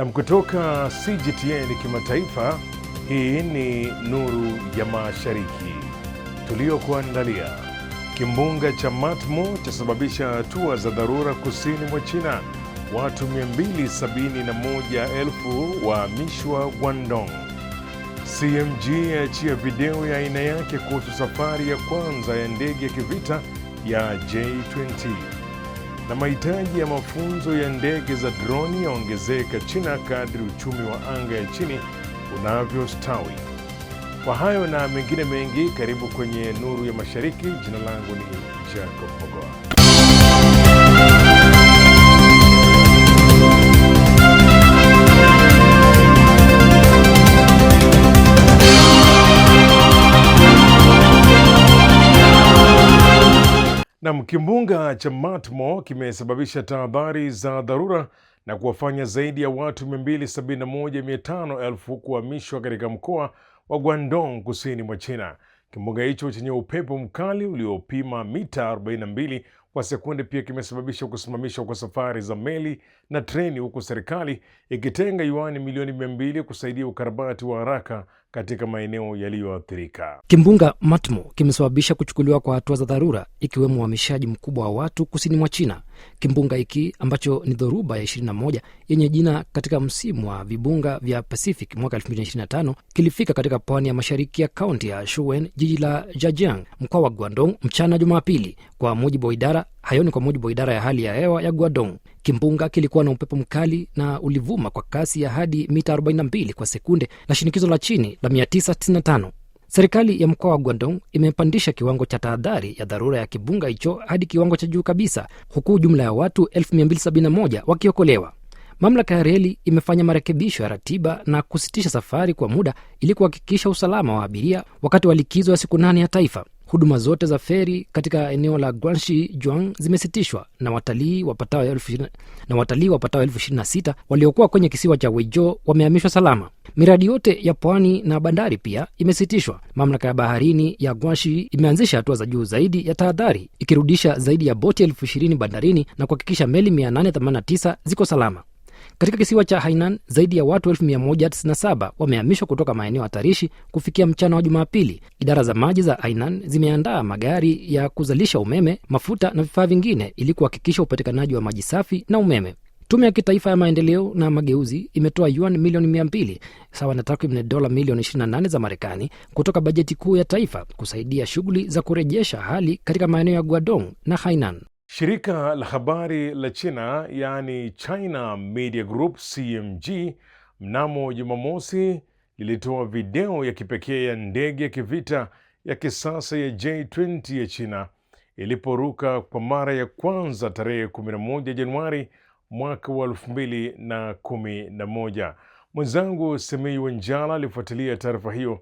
Nam kutoka CGTN kimataifa, hii ni Nuru ya Mashariki tuliyokuandalia. Kimbunga cha Matmo chasababisha hatua za dharura kusini mwa China, watu 271,000 wahamishwa Guangdong. CMG yaachia video ya aina yake kuhusu safari ya kwanza ya ndege ya kivita ya J20 na mahitaji ya mafunzo ya ndege za droni yaongezeka China kadri uchumi wa anga ya chini unavyostawi. Kwa hayo na mengine mengi, karibu kwenye Nuru ya Mashariki. Jina langu ni Jacob Mogoa. Nam, kimbunga cha Matmo kimesababisha tahadhari za dharura na kuwafanya zaidi ya watu 271,500 kuhamishwa katika mkoa wa Guangdong kusini mwa China. Kimbunga hicho chenye upepo mkali uliopima mita 42 kwa sekunde pia kimesababisha kusimamishwa kwa safari za meli na treni, huku serikali ikitenga yuani milioni 200 kusaidia ukarabati wa haraka katika maeneo yaliyoathirika. Kimbunga Matmo kimesababisha kuchukuliwa kwa hatua za dharura, ikiwemo uhamishaji mkubwa wa watu kusini mwa China. Kimbunga hiki ambacho ni dhoruba ya 21 yenye jina katika msimu wa vibunga vya Pacific mwaka 2025 kilifika katika pwani ya mashariki ya kaunti ya Shuen, jiji la Jajiang, mkoa wa Guangdong mchana Jumapili, kwa mujibu wa idara Hayo ni kwa mujibu wa idara ya hali ya hewa ya Guadong. Kimbunga kilikuwa na upepo mkali na ulivuma kwa kasi ya hadi mita 42 kwa sekunde na shinikizo la chini la 995. Serikali ya mkoa wa Guadong imepandisha kiwango cha tahadhari ya dharura ya kimbunga hicho hadi kiwango cha juu kabisa, huku jumla ya watu 1271 wakiokolewa. Mamlaka ya reli imefanya marekebisho ya ratiba na kusitisha safari kwa muda ili kuhakikisha usalama wa abiria wakati wa likizo ya siku nane ya taifa. Huduma zote za feri katika eneo la guanshi Juang zimesitishwa na watalii wapatao elfu ishirini sita waliokuwa kwenye kisiwa cha Weijo wameamishwa salama. Miradi yote ya pwani na bandari pia imesitishwa. Mamlaka ya baharini ya guanshi imeanzisha hatua za juu zaidi ya tahadhari, ikirudisha zaidi ya boti elfu ishirini bandarini na kuhakikisha meli 889 ziko salama. Katika kisiwa cha Hainan, zaidi ya watu 197 wamehamishwa kutoka maeneo hatarishi kufikia mchana wa Jumapili. Idara za maji za Hainan zimeandaa magari ya kuzalisha umeme, mafuta na vifaa vingine ili kuhakikisha upatikanaji wa maji safi na umeme. Tume ya kitaifa ya maendeleo na mageuzi imetoa yuan milioni 20 sawa na takriban dola milioni 28 za Marekani kutoka bajeti kuu ya taifa kusaidia shughuli za kurejesha hali katika maeneo ya guadong na Hainan. Shirika la habari la China yaani China Media Group CMG mnamo Jumamosi lilitoa video ya kipekee ya ndege ya kivita ya kisasa ya J-20 ya China iliporuka kwa mara ya kwanza tarehe 11 Januari mwaka wa 2011. Mwenzangu Semei Wanjala alifuatilia taarifa hiyo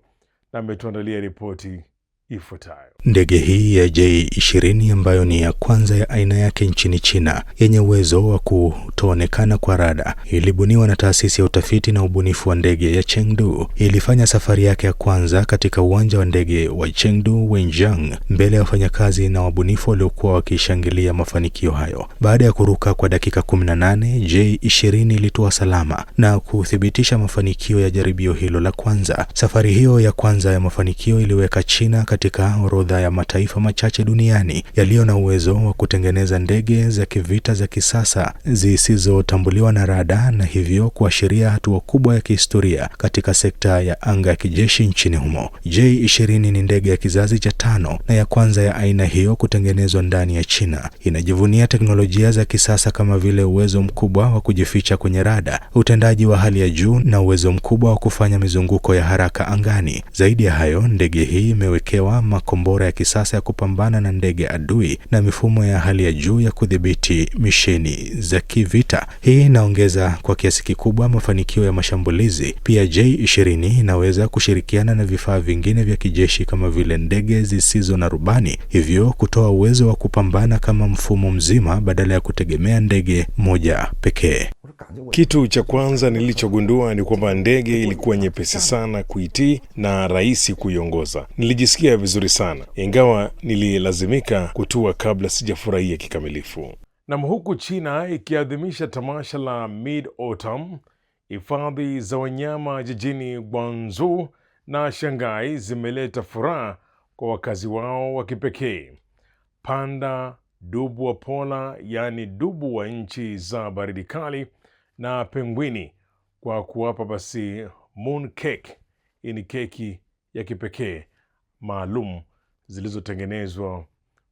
na ametuandalia ripoti ifuatayo. Ndege hii ya J-20 ambayo ni ya kwanza ya aina yake nchini China yenye uwezo wa kutoonekana kwa rada ilibuniwa na taasisi ya utafiti na ubunifu wa ndege ya Chengdu. Ilifanya safari yake ya kwanza katika uwanja wa ndege wa Chengdu Wenjiang mbele ya wafanyakazi na wabunifu waliokuwa wakishangilia mafanikio hayo. Baada ya kuruka kwa dakika 18, J-20 ilitoa salama na kuthibitisha mafanikio ya jaribio hilo la kwanza. Safari hiyo ya kwanza ya mafanikio iliweka China katika orodha ya mataifa machache duniani yaliyo na uwezo wa kutengeneza ndege za kivita za kisasa zisizotambuliwa na rada na hivyo kuashiria hatua kubwa ya kihistoria katika sekta ya anga ya kijeshi nchini humo. J-20 ni ndege ya kizazi cha tano na ya kwanza ya aina hiyo kutengenezwa ndani ya China. Inajivunia teknolojia za kisasa kama vile uwezo mkubwa wa kujificha kwenye rada, utendaji wa hali ya juu na uwezo mkubwa wa kufanya mizunguko ya haraka angani. Zaidi ya hayo, ndege hii imewekewa kutoa makombora ya kisasa ya kupambana na ndege adui na mifumo ya hali ya juu ya kudhibiti misheni za kivita. Hii inaongeza kwa kiasi kikubwa mafanikio ya mashambulizi. Pia J-20 inaweza kushirikiana na vifaa vingine vya kijeshi kama vile ndege zisizo na rubani, hivyo kutoa uwezo wa kupambana kama mfumo mzima badala ya kutegemea ndege moja pekee. Kitu cha kwanza nilichogundua ni kwamba ndege ilikuwa nyepesi sana kuitii na rahisi kuiongoza. Nilijisikia vizuri sana, ingawa nililazimika kutua kabla sijafurahia kikamilifu. Nam, huku China ikiadhimisha tamasha la Mid Autumn, hifadhi za wanyama jijini Guangzhou na Shanghai zimeleta furaha kwa wakazi wao wa kipekee. Panda dubu wa pola, yaani dubu wa nchi za baridi kali, na pengwini kwa kuwapa basi moon cake. Hii ni keki ya kipekee maalum zilizotengenezwa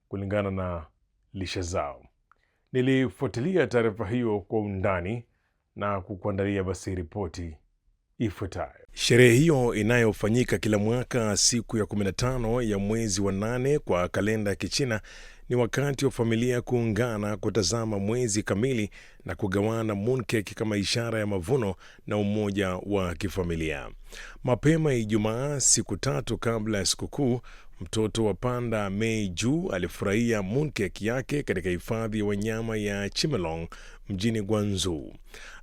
kulingana na lishe zao. Nilifuatilia taarifa hiyo kwa undani na kukuandalia basi ripoti ifuatayo. Sherehe hiyo inayofanyika kila mwaka siku ya 15 ya mwezi wa nane kwa kalenda ya Kichina ni wakati wa familia kuungana kutazama mwezi kamili na kugawana mooncake kama ishara ya mavuno na umoja wa kifamilia. Mapema Ijumaa, siku tatu kabla ya sikukuu, mtoto wa panda Mei Juu alifurahia mooncake yake katika hifadhi ya wanyama ya Chimelong mjini Guangzhou.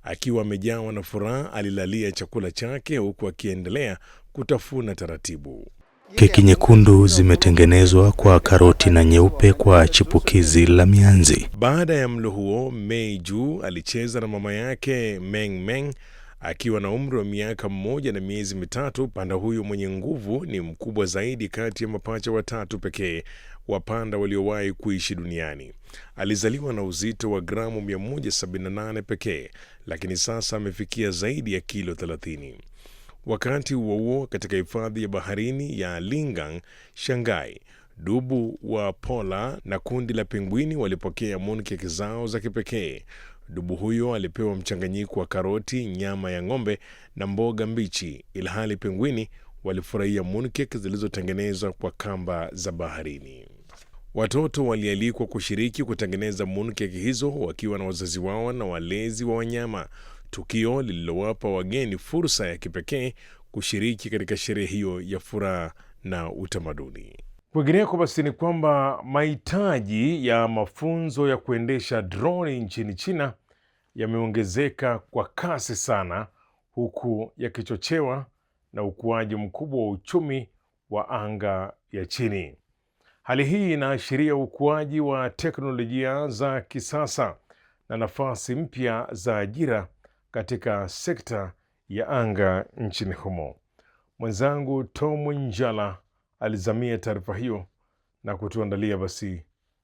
Akiwa amejawa na furaha, alilalia chakula chake huku akiendelea kutafuna taratibu. Keki nyekundu zimetengenezwa kwa karoti na nyeupe kwa chipukizi la mianzi. Baada ya mlo huo, Mei Juu alicheza na mama yake Meng Meng akiwa na umri wa miaka mmoja na miezi mitatu. Panda huyu mwenye nguvu ni mkubwa zaidi kati ya mapacha watatu pekee wa panda waliowahi kuishi duniani. Alizaliwa na uzito wa gramu 178 pekee, lakini sasa amefikia zaidi ya kilo 30. Wakati huo huo, katika hifadhi ya baharini ya Lingang, Shanghai, dubu wa pola na kundi la pingwini walipokea mooncake zao za kipekee. Dubu huyo alipewa mchanganyiko wa karoti, nyama ya ng'ombe na mboga mbichi, ilhali pingwini walifurahia mooncake zilizotengenezwa kwa kamba za baharini. Watoto walialikwa kushiriki kutengeneza mooncake hizo wakiwa na wazazi wao na walezi wa wanyama tukio lililowapa wageni fursa ya kipekee kushiriki katika sherehe hiyo ya furaha na utamaduni. Kwingineko basi ni kwamba mahitaji ya mafunzo ya kuendesha droni nchini China yameongezeka kwa kasi sana, huku yakichochewa na ukuaji mkubwa wa uchumi wa anga ya chini. Hali hii inaashiria ukuaji wa teknolojia za kisasa na nafasi mpya za ajira katika sekta ya anga nchini humo. Mwenzangu Tom Njala alizamia taarifa hiyo na kutuandalia basi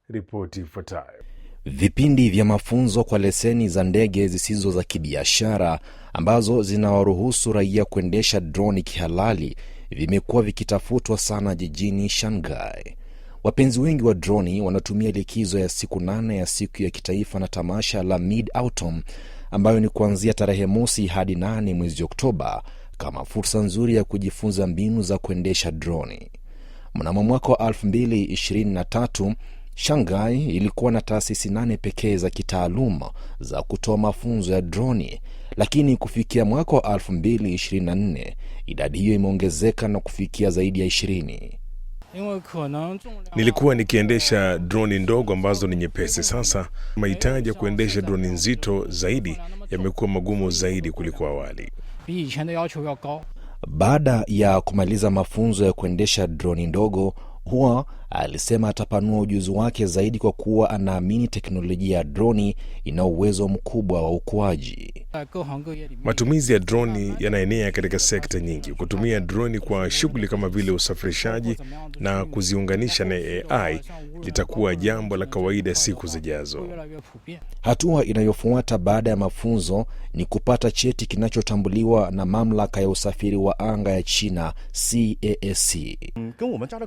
ripoti ifuatayo. Vipindi vya mafunzo kwa leseni za ndege zisizo za kibiashara ambazo zinawaruhusu raia kuendesha droni kihalali vimekuwa vikitafutwa sana jijini Shanghai. Wapenzi wengi wa droni wanatumia likizo ya siku nane ya siku ya kitaifa na tamasha la Mid Autumn ambayo ni kuanzia tarehe mosi hadi nane mwezi Oktoba kama fursa nzuri ya kujifunza mbinu za kuendesha droni. Mnamo mwaka wa 2023 Shanghai ilikuwa na taasisi nane pekee za kitaaluma za kutoa mafunzo ya droni, lakini kufikia mwaka wa 2024 idadi hiyo imeongezeka na kufikia zaidi ya 20. Nilikuwa nikiendesha droni ndogo ambazo ni nyepesi. Sasa mahitaji ya kuendesha droni nzito zaidi yamekuwa magumu zaidi kuliko awali. Baada ya kumaliza mafunzo ya kuendesha droni ndogo huwa alisema atapanua ujuzi wake zaidi kwa kuwa anaamini teknolojia ya droni ina uwezo mkubwa wa ukuaji. Matumizi ya droni yanaenea katika sekta nyingi. Kutumia droni kwa shughuli kama vile usafirishaji na kuziunganisha na AI litakuwa jambo la kawaida siku zijazo. Hatua inayofuata baada ya mafunzo ni kupata cheti kinachotambuliwa na mamlaka ya usafiri wa anga ya China CAAC. Mm,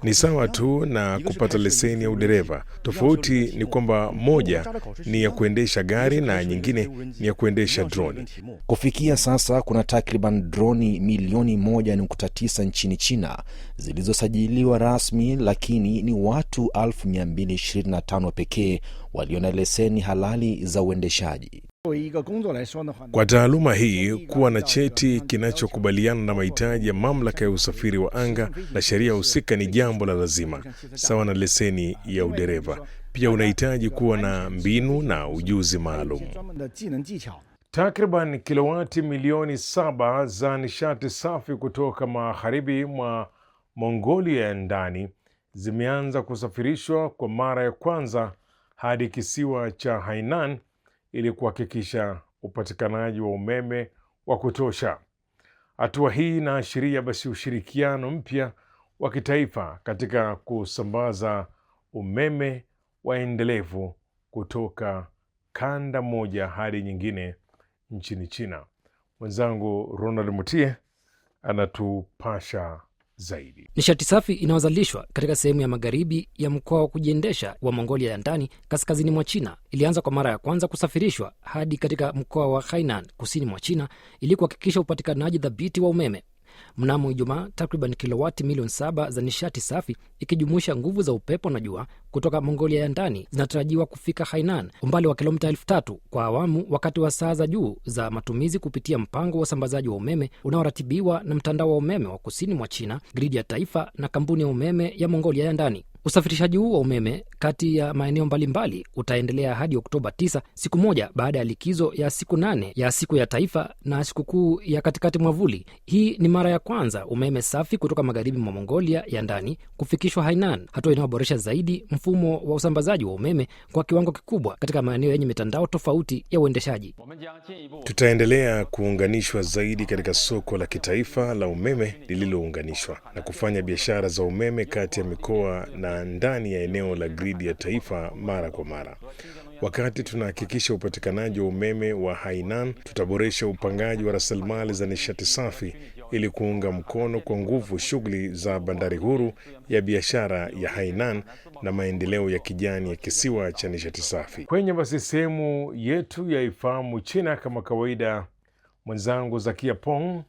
ni sawa tu na kupata leseni ya udereva. Tofauti ni kwamba moja ni ya kuendesha gari na nyingine ni ya kuendesha droni. Kufikia sasa kuna takriban droni milioni 1.9 nchini China zilizosajiliwa rasmi, lakini ni watu 225 pekee walio na leseni halali za uendeshaji. Kwa taaluma hii kuwa na cheti kinachokubaliana na mahitaji ya mamlaka ya usafiri wa anga na sheria husika ni jambo la lazima, sawa na leseni ya udereva. Pia unahitaji kuwa na mbinu na ujuzi maalum. Takriban kilowati milioni saba za nishati safi kutoka magharibi mwa Mongolia ya ndani zimeanza kusafirishwa kwa mara ya kwanza hadi kisiwa cha Hainan ili kuhakikisha upatikanaji wa umeme wa kutosha. Hatua hii inaashiria basi ushirikiano mpya wa kitaifa katika kusambaza umeme wa endelevu kutoka kanda moja hadi nyingine nchini China. Mwenzangu Ronald Mutie anatupasha zaidi. Nishati safi inayozalishwa katika sehemu ya magharibi ya mkoa wa kujiendesha wa Mongolia ya ndani kaskazini mwa China ilianza kwa mara ya kwanza kusafirishwa hadi katika mkoa wa Hainan kusini mwa China ili kuhakikisha upatikanaji dhabiti wa umeme. Mnamo Ijumaa, takriban kilowati milioni saba za nishati safi ikijumuisha nguvu za upepo na jua kutoka Mongolia ya ndani zinatarajiwa kufika Hainan, umbali wa kilomita elfu tatu kwa awamu, wakati wa saa za juu za matumizi kupitia mpango wa usambazaji wa umeme unaoratibiwa na mtandao wa umeme wa kusini mwa China, gridi ya taifa na kampuni ya umeme ya Mongolia ya ndani. Usafirishaji huu wa umeme kati ya maeneo mbalimbali utaendelea hadi Oktoba 9, siku moja baada ya likizo ya siku nane ya siku ya taifa na sikukuu ya katikati mwavuli. Hii ni mara ya kwanza umeme safi kutoka magharibi mwa Mongolia ya ndani kufikishwa Hainan, hatua inayoboresha zaidi mfumo wa usambazaji wa umeme kwa kiwango kikubwa katika maeneo yenye mitandao tofauti ya uendeshaji. Tutaendelea kuunganishwa zaidi katika soko la kitaifa la umeme lililounganishwa na kufanya biashara za umeme kati ya mikoa na ndani ya eneo la gridi ya taifa mara kwa mara. Wakati tunahakikisha upatikanaji wa umeme wa Hainan, tutaboresha upangaji wa rasilimali za nishati safi ili kuunga mkono kwa nguvu shughuli za bandari huru ya biashara ya Hainan na maendeleo ya kijani ya kisiwa cha nishati safi. Kwenye basi sehemu yetu ya Ifahamu China, kama kawaida, mwenzangu Zakia Pong uh,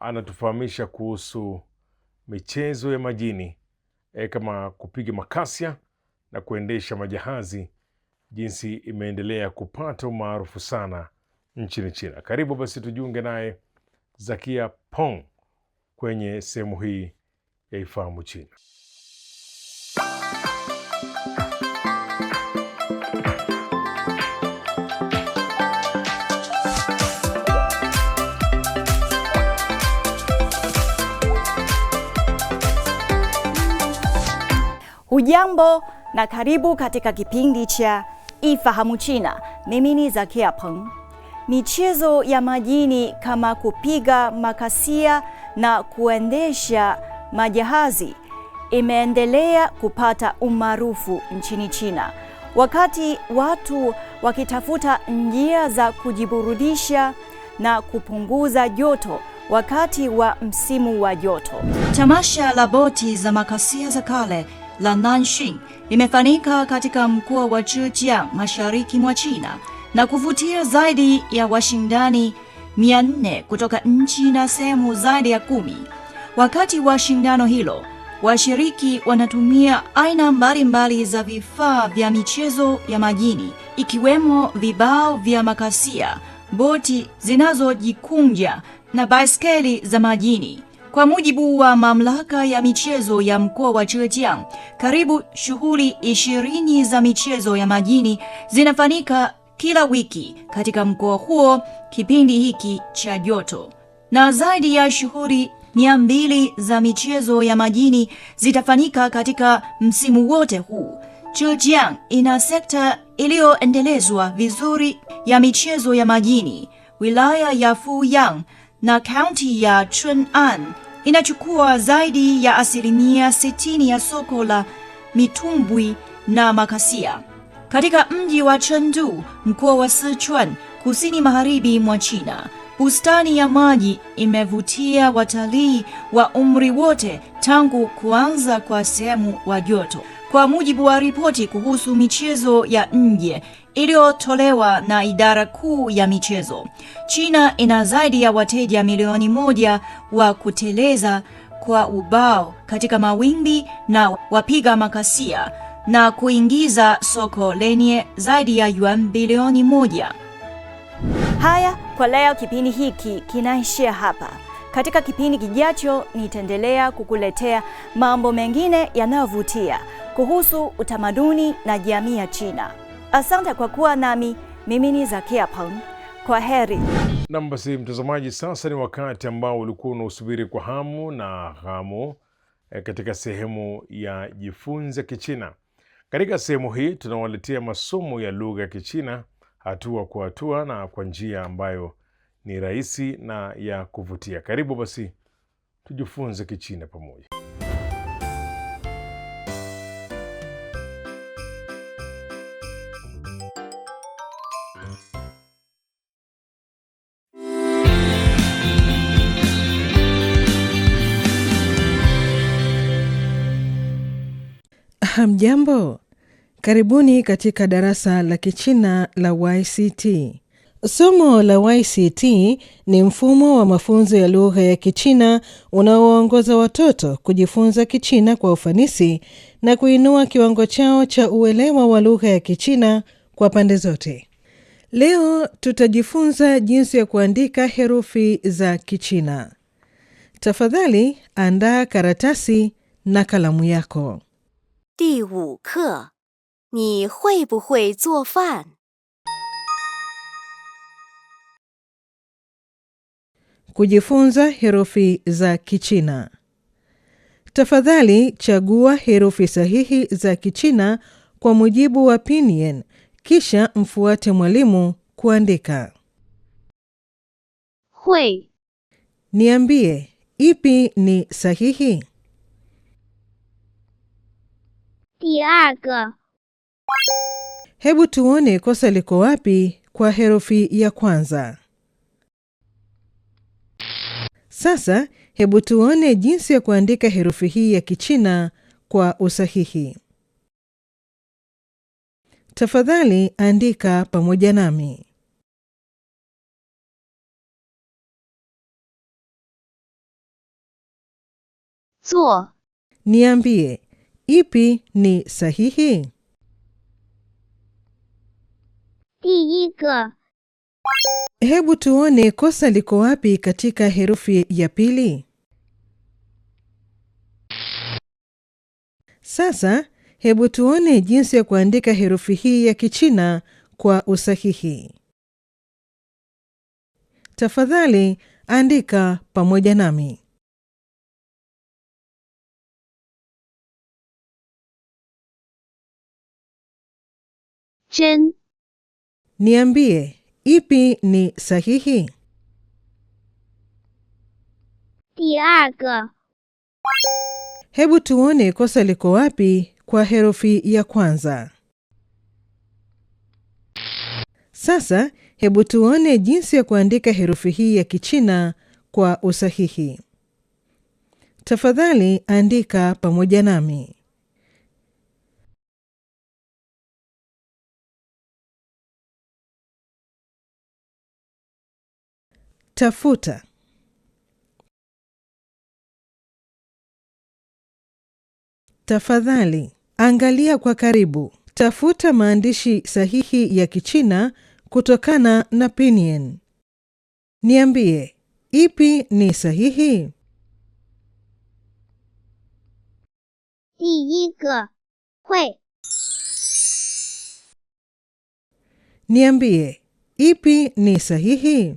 anatufahamisha kuhusu michezo ya majini e, kama kupiga makasia na kuendesha majahazi, jinsi imeendelea kupata umaarufu sana nchini China. Karibu basi tujiunge naye. Zakia Pong kwenye sehemu hii ya Ifahamu China. Hujambo na karibu katika kipindi cha Ifahamu China. Mimi ni Zakia Pong. Michezo ya majini kama kupiga makasia na kuendesha majahazi imeendelea kupata umaarufu nchini China, wakati watu wakitafuta njia za kujiburudisha na kupunguza joto wakati wa msimu wa joto. Tamasha la boti za makasia za kale la Nanxing limefanyika katika mkoa wa Zhejiang, mashariki mwa China na kuvutia zaidi ya washindani 400 kutoka nchi na sehemu zaidi ya kumi. Wakati wa shindano hilo, washiriki wanatumia aina mbalimbali za vifaa vya michezo ya majini ikiwemo vibao vya makasia, boti zinazojikunja na baiskeli za majini. Kwa mujibu wa mamlaka ya michezo ya mkoa wa Zhejiang, karibu shughuli ishirini za michezo ya majini zinafanyika kila wiki katika mkoa huo kipindi hiki cha joto, na zaidi ya shughuli mia mbili za michezo ya majini zitafanyika katika msimu wote huu. Zhejiang ina sekta iliyoendelezwa vizuri ya michezo ya majini. Wilaya ya Fuyang na kaunti ya Chun'an inachukua zaidi ya asilimia 60 ya soko la mitumbwi na makasia katika mji wa Chengdu, mkoa wa Sichuan, kusini magharibi mwa China. Bustani ya maji imevutia watalii wa umri wote tangu kuanza kwa sehemu wa joto. Kwa mujibu wa ripoti kuhusu michezo ya nje iliyotolewa na idara kuu ya michezo, China ina zaidi ya wateja milioni moja wa kuteleza kwa ubao katika mawimbi na wapiga makasia na kuingiza soko lenye zaidi ya yuan bilioni moja. Haya kwa leo, kipindi hiki kinaishia hapa. Katika kipindi kijacho, nitaendelea kukuletea mambo mengine yanayovutia kuhusu utamaduni na jamii ya China. Asante kwa kuwa nami. Mimi ni Zakia Pang, kwa heri. Nam basi, mtazamaji, sasa ni wakati ambao ulikuwa unausubiri kwa hamu na ghamu eh, katika sehemu ya jifunze Kichina. Katika sehemu hii tunawaletea masomo ya lugha ya Kichina hatua kwa hatua na kwa njia ambayo ni rahisi na ya kuvutia. Karibu basi tujifunze Kichina pamoja. Hamjambo, Karibuni katika darasa la Kichina la YCT. Somo la YCT ni mfumo wa mafunzo ya lugha ya Kichina unaowaongoza watoto kujifunza Kichina kwa ufanisi na kuinua kiwango chao cha uelewa wa lugha ya Kichina kwa pande zote. Leo tutajifunza jinsi ya kuandika herufi za Kichina. Tafadhali andaa karatasi na kalamu yako. 你会不会做饭？Kujifunza herufi za Kichina. Tafadhali chagua herufi sahihi za Kichina kwa mujibu wa Pinyin, kisha mfuate mwalimu kuandika. Hui. Niambie, ipi ni sahihi? Diaga. Hebu tuone kosa liko wapi kwa herufi ya kwanza. Sasa hebu tuone jinsi ya kuandika herufi hii ya Kichina kwa usahihi. Tafadhali andika pamoja nami. Zuo. Niambie, ipi ni sahihi? 第一个。Hebu tuone kosa liko wapi katika herufi ya pili. Sasa hebu tuone jinsi ya kuandika herufi hii ya Kichina kwa usahihi. Tafadhali andika pamoja nami. Chen. Niambie, ipi ni sahihi? Tiago. Hebu tuone kosa liko wapi kwa herufi ya kwanza. Sasa hebu tuone jinsi ya kuandika herufi hii ya Kichina kwa usahihi. Tafadhali andika pamoja nami. tafuta tafadhali angalia kwa karibu tafuta maandishi sahihi ya kichina kutokana na pinyin niambie ipi ni sahihi niambie ipi ni sahihi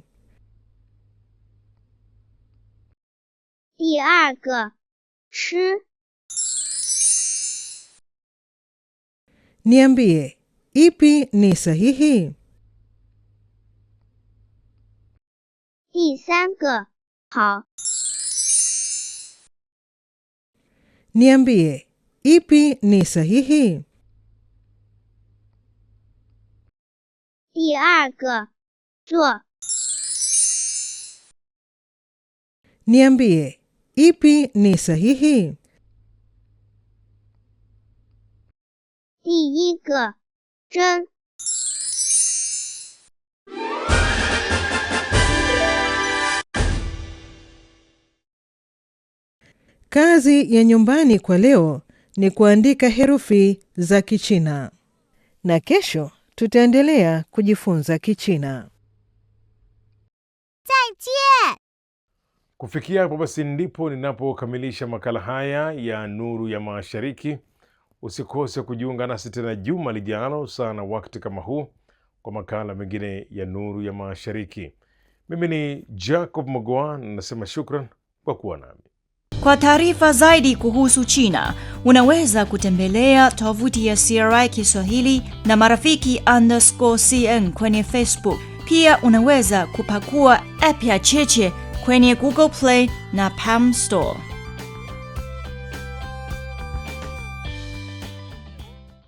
第二个吃，你别别，一拼你才嘿嘿。第三个好，你别别，一拼你才嘿嘿。第二个做，你别别。Ipi ni sahihi? kazi ya nyumbani kwa leo ni kuandika herufi za Kichina, na kesho tutaendelea kujifunza Kichina. Kufikia hapo basi, ndipo ninapokamilisha makala haya ya Nuru ya Mashariki. Usikose kujiunga nasi tena juma lijalo sana wakati kama huu kwa makala mengine ya Nuru ya Mashariki. Mimi ni Jacob Mogoa, nasema shukran kwa kuwa nami. Kwa taarifa zaidi kuhusu China unaweza kutembelea tovuti ya CRI Kiswahili na marafiki underscore cn kwenye Facebook. Pia unaweza kupakua app ya Cheche kwenye Google Play na Palm Store.